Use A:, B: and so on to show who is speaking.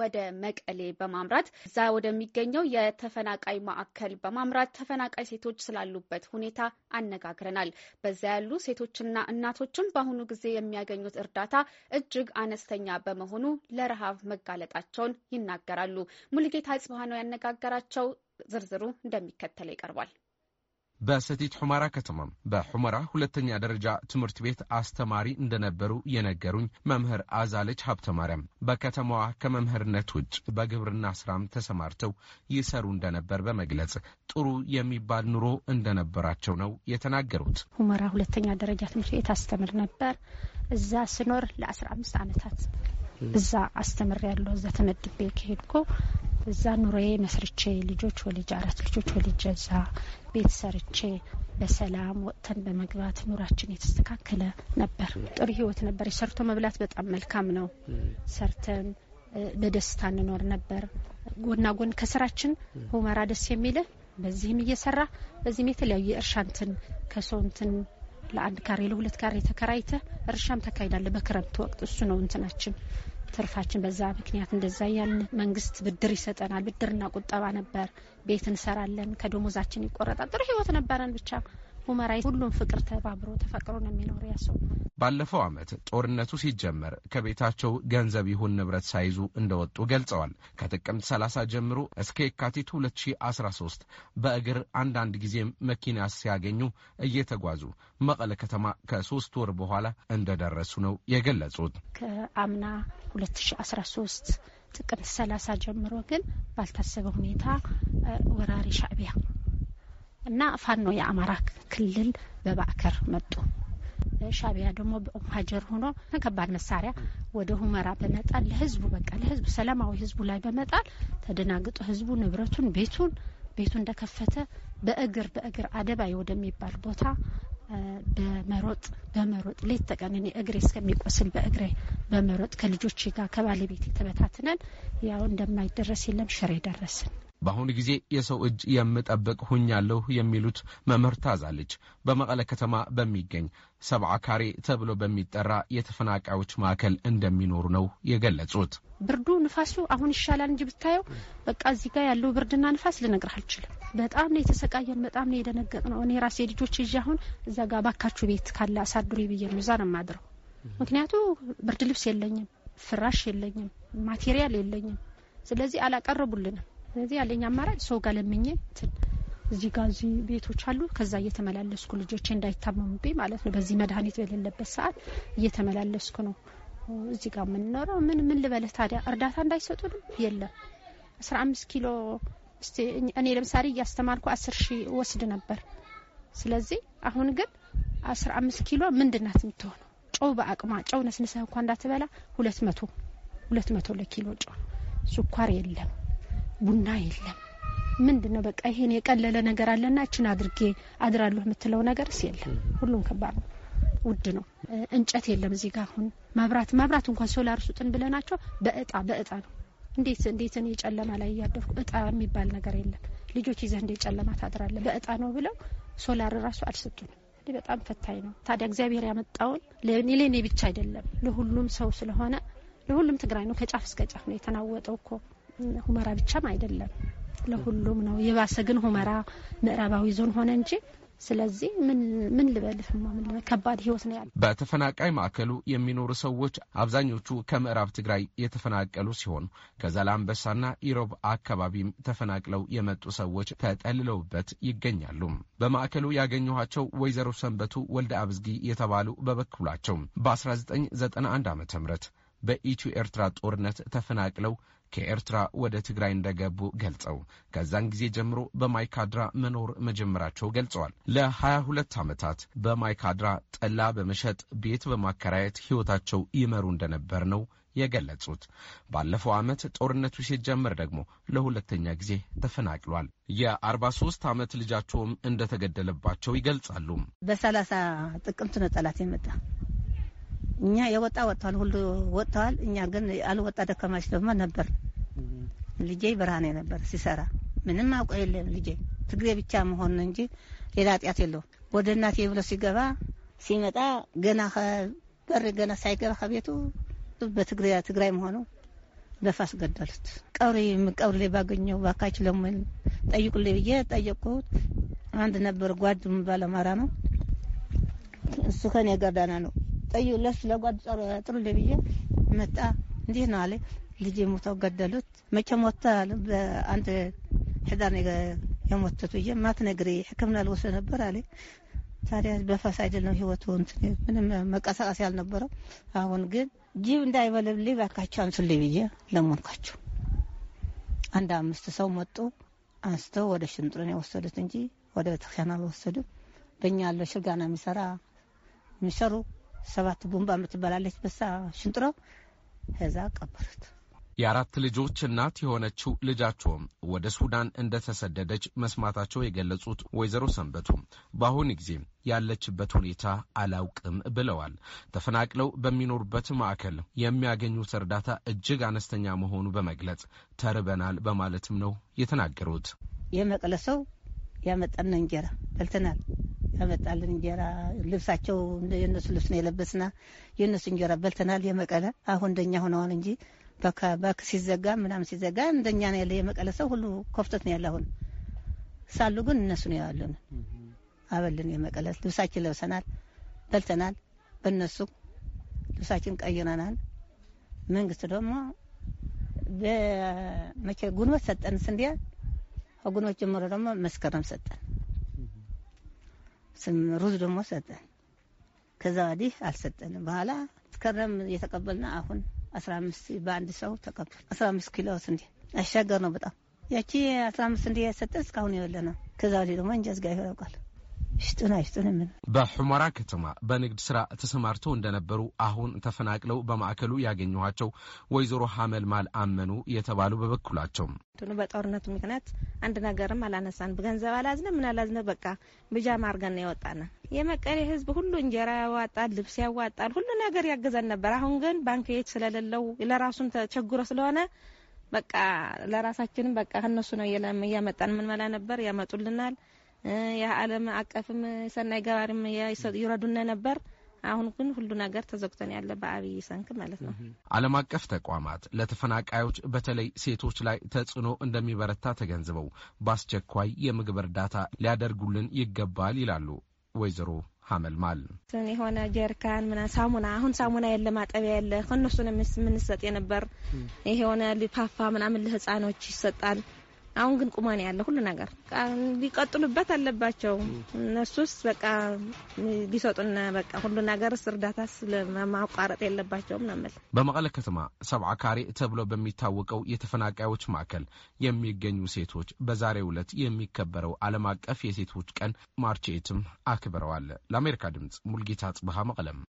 A: ወደ መቀሌ በማምራት እዛ ወደሚገኘው የተፈናቃይ ማዕከል በማምራት ተፈናቃይ ሴቶች ስላሉበት ሁኔታ አነጋግረናል። በዛ ያሉ ሴቶችና እናቶችም በአሁኑ ጊዜ የሚያገኙት እርዳታ እጅግ አነስተኛ በመሆኑ ለረሃብ መጋለጣቸውን ይናገራሉ። ሙልጌታ ጽባህ ነው ያነጋገራቸው። ዝርዝሩ እንደሚከተለው ይቀርባል።
B: በሰቲት ሑመራ ከተማም በሑመራ ሁለተኛ ደረጃ ትምህርት ቤት አስተማሪ እንደነበሩ የነገሩኝ መምህር አዛለች ሀብተ ማርያም በከተማዋ ከመምህርነት ውጭ በግብርና ስራም ተሰማርተው ይሰሩ እንደነበር በመግለጽ ጥሩ የሚባል ኑሮ እንደነበራቸው ነው የተናገሩት።
A: ሁመራ ሁለተኛ ደረጃ ትምህርት ቤት አስተምር ነበር። እዛ ስኖር ለ አምስት አመታት እዛ አስተምር ያለው እዛ ተመድቤ ከሄድኩ እዛ ኑሮዬ መስርቼ ልጆች ወልጅ አራት ልጆች ወልጅ እዛ ቤት ሰርቼ በሰላም ወጥተን በመግባት ኑራችን የተስተካከለ ነበር። ጥሩ ህይወት ነበር። የሰርቶ መብላት በጣም መልካም ነው። ሰርተን በደስታ እንኖር ነበር። ጎና ጎን ከስራችን ሁመራ ደስ የሚልህ በዚህም እየሰራ በዚህም የተለያዩ የእርሻ ከሰውንትን ለአንድ ካሬ ለሁለት ካሬ ተከራይተ እርሻም ተካሂዳለ በክረምት ወቅት እሱ ነው እንትናችን ትርፋችን በዛ ምክንያት እንደዛ ያልን። መንግስት ብድር ይሰጠናል። ብድርና ቁጠባ ነበር። ቤት እንሰራለን። ከደሞዛችን ይቆረጣል። ጥሩ ህይወት ነበረን ብቻ ሁመራይ ሁሉም ፍቅር ተባብሮ ተፈቅሮ ነው የሚኖሩ ያሰው
B: ባለፈው ዓመት ጦርነቱ ሲጀመር ከቤታቸው ገንዘብ ይሁን ንብረት ሳይዙ እንደወጡ ገልጸዋል። ከጥቅምት 30 ጀምሮ እስከ የካቲት 2013 በእግር አንዳንድ ጊዜ መኪና ሲያገኙ እየተጓዙ መቀለ ከተማ ከሶስት ወር በኋላ እንደደረሱ ነው የገለጹት።
A: ከአምና 2013 ጥቅምት 30 ጀምሮ ግን ባልታሰበ ሁኔታ ወራሪ ሻዕቢያ እና ፋኖ የአማራ ክልል በባእከር መጡ። ሻቢያ ደግሞ ሀጀር ሆኖ ከባድ መሳሪያ ወደ ሁመራ በመጣል ለህዝቡ በቃ ለህዝቡ ሰላማዊ ህዝቡ ላይ በመጣል ተደናግጦ ህዝቡ ንብረቱን ቤቱን ቤቱ እንደከፈተ በእግር በእግር አደባይ ወደሚባል ቦታ በመሮጥ በመሮጥ ሌት ተቀን እኔ እግሬ እስከሚቆስል በእግሬ በመሮጥ ከልጆች ጋር ከባለቤት የተበታትነን ያው እንደማይደረስ የለም ሽሬ ደረስን።
B: በአሁኑ ጊዜ የሰው እጅ የምጠብቅ ሁኛለሁ የሚሉት መምህር ታዛለች በመቀለ ከተማ በሚገኝ ሰብዓ ካሬ ተብሎ በሚጠራ የተፈናቃዮች ማዕከል እንደሚኖሩ ነው የገለጹት።
A: ብርዱ ንፋሱ አሁን ይሻላል እንጂ ብታየው በቃ እዚህ ጋር ያለው ብርድና ንፋስ ልነግርህ አልችልም። በጣም ነው የተሰቃየን፣ በጣም ነው የደነገጥ ነው። እኔ ራሴ ልጆች ይዤ አሁን እዛ ጋር ባካችሁ ቤት ካለ አሳድሩ ብዬ ነው እዛ ነው የማድረው። ምክንያቱ ብርድ ልብስ የለኝም፣ ፍራሽ የለኝም፣ ማቴሪያል የለኝም። ስለዚህ አላቀረቡልንም ስለዚህ ያለኝ አማራጭ ሰው ጋር ለምኜ እንትን እዚህ ጋር እዚህ ቤቶች አሉ። ከዛ እየተመላለስኩ ልጆቼ እንዳይታመሙብኝ ማለት ነው። በዚህ መድኃኒት በሌለበት ሰዓት እየተመላለስኩ ነው እዚህ ጋር የምንኖረው። ምን ምን ልበልህ ታዲያ እርዳታ እንዳይሰጡንም የለም። አስራ አምስት ኪሎ እኔ ለምሳሌ እያስተማርኩ አስር ሺ ወስድ ነበር። ስለዚህ አሁን ግን አስራ አምስት ኪሎ ምንድናት የምትሆነው? ጨው በአቅማ ጨው ነስንሰህ እንኳ እንዳትበላ ሁለት መቶ ሁለት መቶ ለኪሎ ጨው ስኳር የለም ቡና የለም። ምንድን ነው በቃ ይሄን የቀለለ ነገር አለና እችን አድርጌ አድራለሁ የምትለው ነገርስ የለም። ሁሉም ከባድ ነው፣ ውድ ነው። እንጨት የለም እዚህ ጋር አሁን መብራት መብራት እንኳን ሶላር ሱጥን ብለናቸው በእጣ በእጣ ነው። እንዴት እንዴት እኔ ጨለማ ላይ እያደርኩ እጣ የሚባል ነገር የለም። ልጆች ይዘህ እንዴት ጨለማ ታድራለ? በእጣ ነው ብለው ሶላር ራሱ አልሰጡንም። በጣም ፈታኝ ነው። ታዲያ እግዚአብሔር ያመጣውን ለኔ ብቻ አይደለም ለሁሉም ሰው ስለሆነ ለሁሉም ትግራይ ነው። ከጫፍ እስከ ጫፍ ነው የተናወጠው እኮ ሁመራ ብቻም አይደለም ለሁሉም ነው። የባሰ ግን ሁመራ ምዕራባዊ ዞን ሆነ እንጂ ስለዚህ ምን ልበልፍማ ምን ከባድ ህይወት ነው ያለ።
B: በተፈናቃይ ማዕከሉ የሚኖሩ ሰዎች አብዛኞቹ ከምዕራብ ትግራይ የተፈናቀሉ ሲሆኑ ከዛላምበሳና ኢሮብ አካባቢም ተፈናቅለው የመጡ ሰዎች ተጠልለውበት ይገኛሉ። በማዕከሉ ያገኘኋቸው ወይዘሮ ሰንበቱ ወልደ አብዝጊ የተባሉ በበኩላቸው በ1991 ዓ ም በኢትዮ ኤርትራ ጦርነት ተፈናቅለው ከኤርትራ ወደ ትግራይ እንደገቡ ገልጸው ከዛን ጊዜ ጀምሮ በማይካድራ መኖር መጀመራቸው ገልጸዋል። ለሀያ ሁለት ዓመታት በማይካድራ ጠላ በመሸጥ ቤት በማከራየት ሕይወታቸው ይመሩ እንደነበር ነው የገለጹት። ባለፈው ዓመት ጦርነቱ ሲጀምር ደግሞ ለሁለተኛ ጊዜ ተፈናቅሏል። የ43 ዓመት ልጃቸውም እንደተገደለባቸው ይገልጻሉ።
C: በሰላሳ ጥቅምት ነው ጠላት የመጣ እኛ የወጣ ወጥቷል፣ ሁሉ ወጥተዋል። እኛ ግን አልወጣ ደከማች ደግሞ ነበር። ልጄ ብርሃኔ ነበር ሲሰራ ምንም አውቀ የለም ልጄ ትግሬ ብቻ መሆን ነው እንጂ ሌላ ኃጢአት የለው። ወደ እናቴ ብሎ ሲገባ ሲመጣ ገና በር ገና ሳይገባ ከቤቱ በትግራይ መሆኑ በፋስ ገደሉት። ቀብሪ ቀብሪ ላይ ባገኘው ባካች ለምን ጠይቁልኝ ብዬ ጠየቁት። አንድ ነበር ጓድ የሚባል አማራ ነው። እሱ ከኔ ጋር ዳና ነው ጠዩ ለስ ለጓድ ጥሩ ብዬ መጣ። እንዲህ ነው አለ ልጅ ሞተው ገደሉት። መቼ ሞተ? አንድ ሕዳር ነገ የሞተቱ እየ ነግሪ ሕክምና ልወስደ ነበር አለ። ታዲያ በፈስ አይደለም ህይወቱ እንትን ምንም መቀሳቀስ ያልነበረው አሁን ግን ጅብ እንዳይበልብልኝ ባካቸው አንሱልኝ ብዬ ለመንኳቸው። አንድ አምስት ሰው መጡ አንስተው ወደ ሽንጥሮን የወሰዱት እንጂ ወደ ቤተክርስቲያን አልወሰዱም። በእኛ ያለው ሽርጋና የሚሰራ የሚሰሩ ሰባት ቡንባ የምትበላለች በሳ ሽንጥሮ ከዛ ቀበሩት።
B: የአራት ልጆች እናት የሆነችው ልጃቸውም ወደ ሱዳን እንደተሰደደች መስማታቸው የገለጹት ወይዘሮ ሰንበቱ በአሁን ጊዜ ያለችበት ሁኔታ አላውቅም ብለዋል። ተፈናቅለው በሚኖሩበት ማዕከል የሚያገኙት እርዳታ እጅግ አነስተኛ መሆኑ በመግለጽ ተርበናል በማለትም ነው የተናገሩት።
C: የመቀለ ሰው ያመጣልን እንጀራ በልተናል። ያመጣልን እንጀራ ልብሳቸው የእነሱ ልብስ ነው የለበስና የእነሱ እንጀራ በልተናል። የመቀለ አሁን እንደኛ ሆነዋል እንጂ ባክ ሲዘጋ ምናምን ሲዘጋ እንደኛ ነው ያለ የመቀለ ሰው ሁሉ ኮፍተት ነው ያለ። አሁን ሳሉ ግን እነሱ ነው ያሉን። አበልን የመቀለ ልብሳችን ለብሰናል፣ በልተናል። በእነሱ ልብሳችን ቀይረናል። መንግስት ደግሞ በመቼ ጉንበት ሰጠን ስንዲያ ከጉኖች ጀምሮ ደግሞ መስከረም ሰጠን፣ ሩዝ ደግሞ ሰጠን። ከዛ ወዲህ አልሰጠንም። በኋላ መስከረም እየተቀበልና አሁን አስራ አምስት በአንድ ሰው ተቀበል አስራ አምስት ኪሎ ስንዴ አሻገር ነው በጣም ያቺ አስራ አምስት ስንዴ ሰጠን እስካሁን የበለ ነው። ከዛ ወዲህ ደግሞ እንጃ ዝጋ ይሆናል ሽጥና ይስጡን ምን
B: በሑመራ ከተማ በንግድ ስራ ተሰማርተው እንደነበሩ አሁን ተፈናቅለው በማዕከሉ ያገኘኋቸው ወይዘሮ ሀመልማል አመኑ የተባሉ በበኩላቸው
C: በጦርነቱ ምክንያት አንድ ነገርም አላነሳን፣ ብገንዘብ አላዝነ ምን አላዝነ በቃ ብጃማ አርገን ነው የወጣነ የመቀሌ ህዝብ ሁሉ እንጀራ ያዋጣል፣ ልብስ ያዋጣል፣ ሁሉ ነገር ያገዘን ነበር። አሁን ግን ባንክ ቤት ስለሌለው ለራሱን ተቸግሮ ስለሆነ በቃ ለራሳችንም በቃ እነሱ ነው እያመጣን ምንመላ ነበር ያመጡልናል የዓለም አቀፍም ሰናይ ገባሪም ይረዱነ ነበር። አሁን ግን ሁሉ ነገር ተዘግቶን ያለ በአብይ ሰንክ ማለት
B: ነው። ዓለም አቀፍ ተቋማት ለተፈናቃዮች በተለይ ሴቶች ላይ ተጽዕኖ እንደሚበረታ ተገንዝበው በአስቸኳይ የምግብ እርዳታ ሊያደርጉልን ይገባል ይላሉ ወይዘሮ ሀመልማል
C: የሆነ ጀርካን ምና ሳሙና አሁን ሳሙና የለ ማጠቢያ የለ ከእነሱን የምንሰጥ የነበር የሆነ ሊፓፋ ምናምን ለህፃኖች ይሰጣል አሁን ግን ቁማኔ ያለ ሁሉ ነገር ሊቀጥሉበት አለባቸው። እነሱስ በቃ ሊሰጡና በቃ ሁሉ ነገርስ እርዳታስ ለማቋረጥ የለባቸውም ነምል
B: በመቀለ ከተማ ሰብዓ ካሬ ተብሎ በሚታወቀው የተፈናቃዮች ማዕከል የሚገኙ ሴቶች በዛሬው ዕለት የሚከበረው ዓለም አቀፍ የሴቶች ቀን ማርቼትም አክብረዋል። ለአሜሪካ ድምፅ ሙልጌታ ጽብሃ መቀለም